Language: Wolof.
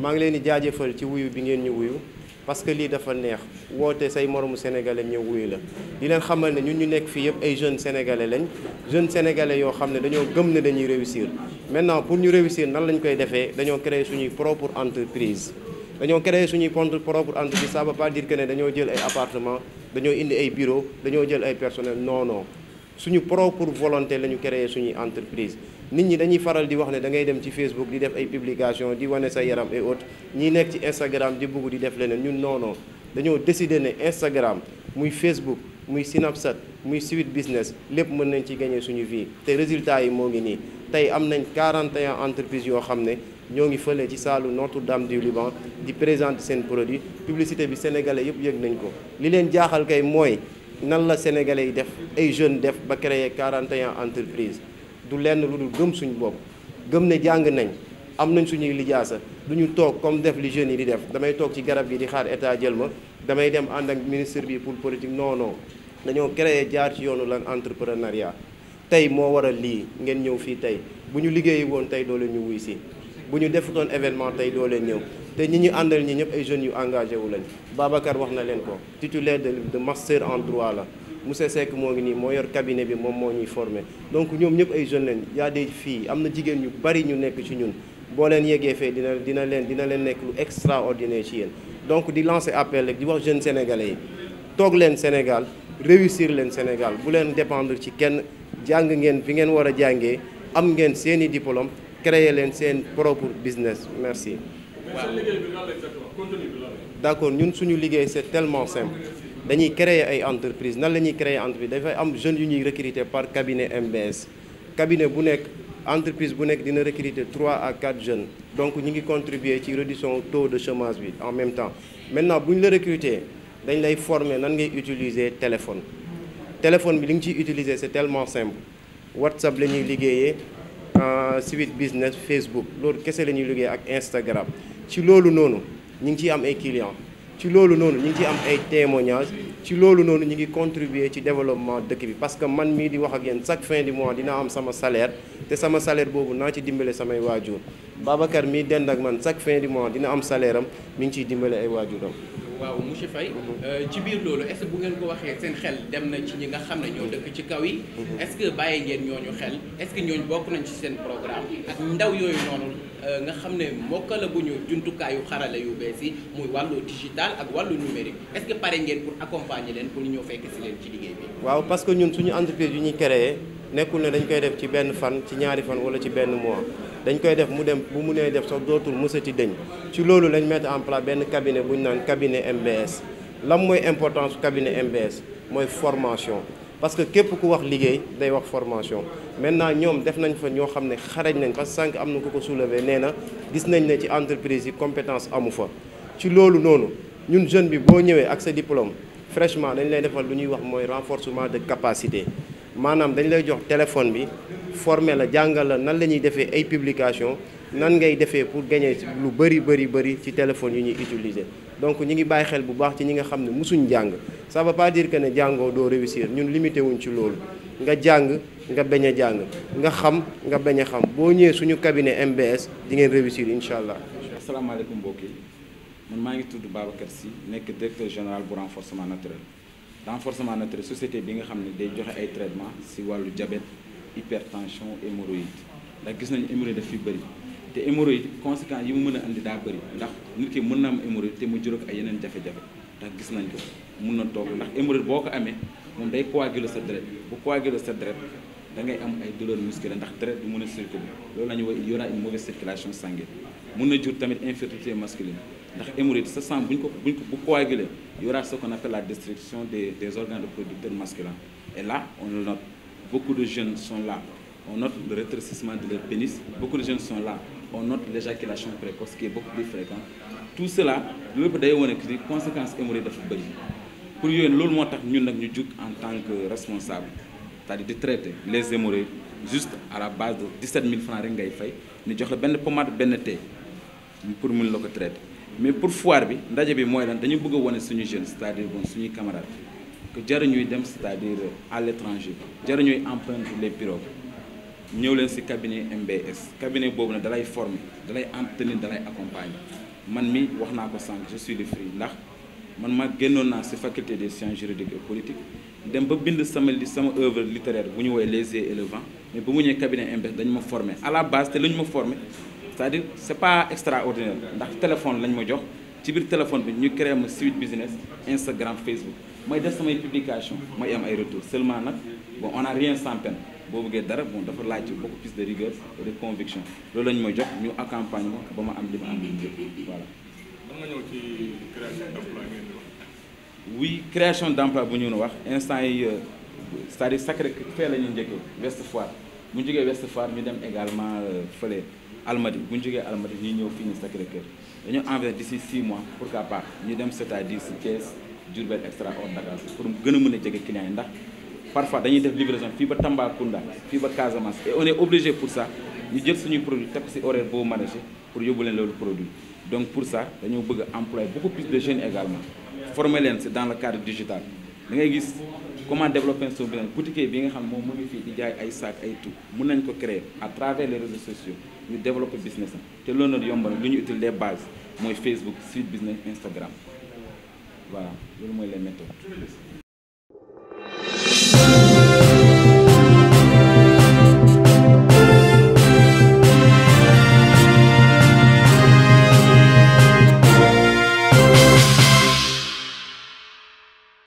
maa ngi leen di jaajëfal ci wuyu bi ngeen ñu wuyu parce que lii dafa neex woote say moroomu sénégalais ñëw wuyu la di leen xamal ne ñun ñu nekk fii yëpp ay jeunes sénégalais lañ jeune sénégalais yoo xam ne dañoo gëm ne dañuy réussir maintenant pour ñu réussir nan lañ koy defee dañoo créer suñuy propre entreprise dañoo créer suñuy compte propre entreprise ça veut pas dire que ne dañoo jël ay appartement dañoo indi ay bureau dañoo jël ay personnel non suñu propre volonté la ñu créer suñuy entreprise nit ñi dañuy faral di wax ne da ngay dem ci Facebook di def ay publication di wane sa yaram et autres ñi nekk ci Instagram di bugg di def leneen ñun noonoo dañoo décider ne Instagram muy Facebook muy Snapchat muy suite business lépp mën nañ ci gagner suñu vie te résultat yi moo ngi nii tey am nañ quarante 41 entreprises yoo xam ne ñoo ngi fële ci saalu Notre-Dame du Liban di présente seen produit publicité bi sénégalais yëpp yëg nañ ko li leen jaaxal kay mooy nan la sénégalais yi def ay jeunes def ba créer 41 entreprise du lenn lu dul gëm suñ bopp gëm ne jàng nañ am nañ suñuy lijaasa du ñu toog comme def li jeunes yi di def damay toog ci garab gi di xaar état jël ma damay dem ànd ak ministre bi pour politique non non dañoo créer jaar ci yoonu lan entrepreneuriat tey moo waral lii ngeen ñëw fii tey bu ñu liggéeyi woon tey doole ñu wuy si bu ñu doon événement tey doo leen ñëw te ñi ñu àndal ñi ñëpp ay jeunes yu engagé wu lañ Babacar wax na leen ko titulaire de de master en droit la monsieur Seck moo ngi nii moo yor cabinet bi moom moo ñuy formé donc ñoom ñëpp ay jeunes lañ yaa des filles am na jigéen ñu bari ñu nekk ci ñun boo leen yeggee fee dina dina leen dina leen nekk lu extraordinaire ci yéen donc di lancer appel rek di wax jeunes sénégalais yi toog leen Sénégal réussir leen Sénégal bu leen dépendre ci kenn jàng ngeen fi ngeen war a jàngee am ngeen seeni diplôme créer leen seen propre business merci. d' accord ñun suñu liggéey c' est tellement simple dañuy créer ay entreprise nan la ñuy créer entreprise dafay am jeunes yu ñuy recruter par cabinet MBS cabinet bu nekk entreprise bu nekk dina recruter trois à quatre jeunes donc ñu ngi contribuer ci réduction taux de chômage bi en même temps maintenant bu ñu la recruter dañ lay former nan ngay utiliser téléphone téléphone bi li ñu ciy utiliser c' telement tellement simple WhatsApp la ñuy liggéeyee civic business Facebook loolu kese la ñuy liggéey ak Instagram ci loolu noonu ñu ngi ciy am ay clients ci loolu noonu ñu ngi ciy am ay témoignages ci loolu noonu ñu ngi contribuer ci développement dëkk bi parce que man mii di wax ak yéen chaque fin du mois dina am sama salaire te sama salaire boobu naa ci dimbale samay waajur. Babacar mi dend ak man chaque fin du mois dina am salaire am mi ngi ciy dimbale ay waajuram. waaw monsieur Faye mhm. euh, ci biir loolu est-ce bu ngeen ko waxee seen xel dem na ci ñi nga xam ne ñoo dëkk ci kaw yi. Mhm. est-ce que bàyyi ngeen ñooñu xel est-ce ñu bokk nañ ci seen programme ak ndaw yooyu noonu euh, nga xam ne mokkala bu ñu jumtukaayu xarala yu bees yi muy wàllu digital ak wàllu numérique est-ce pare ngeen pour accompagner leen pour ñoo fekk leen ci liggéey bi. waaw parce que ñun suñu entreprise yu ñuy créé nekkul ne dañ koy def ci benn fan ci ñaari fan wala ci benn mois. dañ koy def mu dem bu mu nee def sax dootul mësati dëñ ci loolu lañ mettre en place benn cabinet bu ñu naan cabinet MBS lan mooy importance cabinet MBS mooy formation parce que képp ku wax liggéey day wax formation maintenant ñoom def nañ fa ñoo xam ne xarañ nañ parce que sànq am na ko ko soulever nee na gis nañ ne ci entreprise yi compétence amu fa ci loolu noonu ñun jeune bi boo ñëwee ak sa diplôme fraîchement dañ lay defal lu ñuy wax mooy renforcement de capacité maanaam dañ lay jox téléphone bi formé la jàngal la nan la ñuy defee ay publication nan ngay defee pour gagner lu bëri bëri bëri ci téléphone yu ñuy utiliser donc ñi ngi bàyyi xel bu baax ci ñi nga xam ne mosuñ jàng ça veut pas que ne jàngoo doo réussir ñun limité wuñ ci loolu nga jàng nga bañ a jàng nga xam nga bañ a xam boo ñëwee suñu cabinet MBS di ngeen réussir incha allah. asalaamaaleykum mbokk yi man maa ngi tudd Babacar si nekk directeur général bu renforcement naturel renforcement naturel société bi nga xam ne day joxe ay traitement si wàllu diabète hypertension hémorroïde ndax gis nañu hémorroïde daf fi bëri te hémorroïde conséquence yi mu mën a indi daa bëri ndax nit ki mën na am hémorroïde te mu jural ay yeneen jafe-jafe ndax gis nañ ko mun na toog ndax hémorroïde boo ko amee moom day coaguler sa deret bu coaguler sa deret da ngay am ay douleur musculaire ndax deret du mun a circuler loolu la ñuy wax il y aura une mauvaise circulation sanguine mun na jur tamit infertilité masculine ndax hémorroïde sa sang buñ ko buñ ko bu coaguler y aura ce qu'on la destruction des des organes reproducteurs masculins et là on le beaucoup de jeunes son la On note le rétrécissement de leur pénis, beaucoup de jeunes sont là. On note l'éjaculation précoce qui est beaucoup plus fréquente. Tout cela, le day wone conséquence conséquences hémorroïdes dafa bëri pour yooyu loolu moo tax ñun nag ñu jug en tant que responsable c'est-à-dire di traiter les hémorroïdes juste à la base de 17 mille francs rek ngay fay ñu jox la benn pommade benn thé pour mun la ko traiter mais pour foire bi ndaje bi mooy lan dañu bëgg a wane suñu jeune cest bon suñuy camarades. que jaruñuy dem c'est-à-dire à l'étranger jaruñuy emprunter les pirogues ñëw leen ci cabinet MBS cabinet boobu na dalay former dalay entretenir dalay accompagne man mi wax naa ko sànq je suis de ndax man ma génnoon naa ci faculté de sciences juridiques et politiques dem ba bind sama li sama œuvre littéraire bu ñu woowee les yeux le vent mais bu mu ñëwee cabinet MBS dañu ma former à la base te la ñu ma former cest à c'est pas extraordinaire ndax téléphone lañ ma jox ci biir téléphone bi ñu créé ma suite business Instagram Facebook may def samay publication may am ay retour seulement nag boo on a rien sans peine boo bëggee dara bon dafa laaj beaucoup plus de rigueur et de conviction loolu lañ may jox ñu accompagne ma ba ma am li ma am liñ jëpp voilà. ñëw ci création d'emploi ngeen di wax. oui création bu ñu wax instant yi euh, c'est-à-dire Sacré-Cœur fee la ñuy njëkkee Ouest Foire bu jugee jógee Ouest Foire ñu dem également euh, fële Almadi bu ñu Almadi ñu ñëw fii nii Sacré-Cœur dañoo envergé d'ici 6 mois pourquoi pas ñu dem cest si Thiès Diourbel extra hors Dakar pour gën a mën a jege client yi ndax parfois dañuy def livraison fii ba Tambacounda fii ba Casamance et on est pour ça ñu jël suñuy produit teg ko si horaire boobu maraîcher pour yóbbu leen loolu produit donc pour ça dañoo bëgg a beaucoup plus de jeunes également former da ngay gis comment développer son business boutique bi nga xam moom mu ngi fii di jaay ay sac ay tout mun nañ ko créer à travers les réseaux sociaux ñu développer business am te loolu nag yombal lu ñu utile les bases mooy Facebook site business Instagram voilà loolu mooy leen méthodes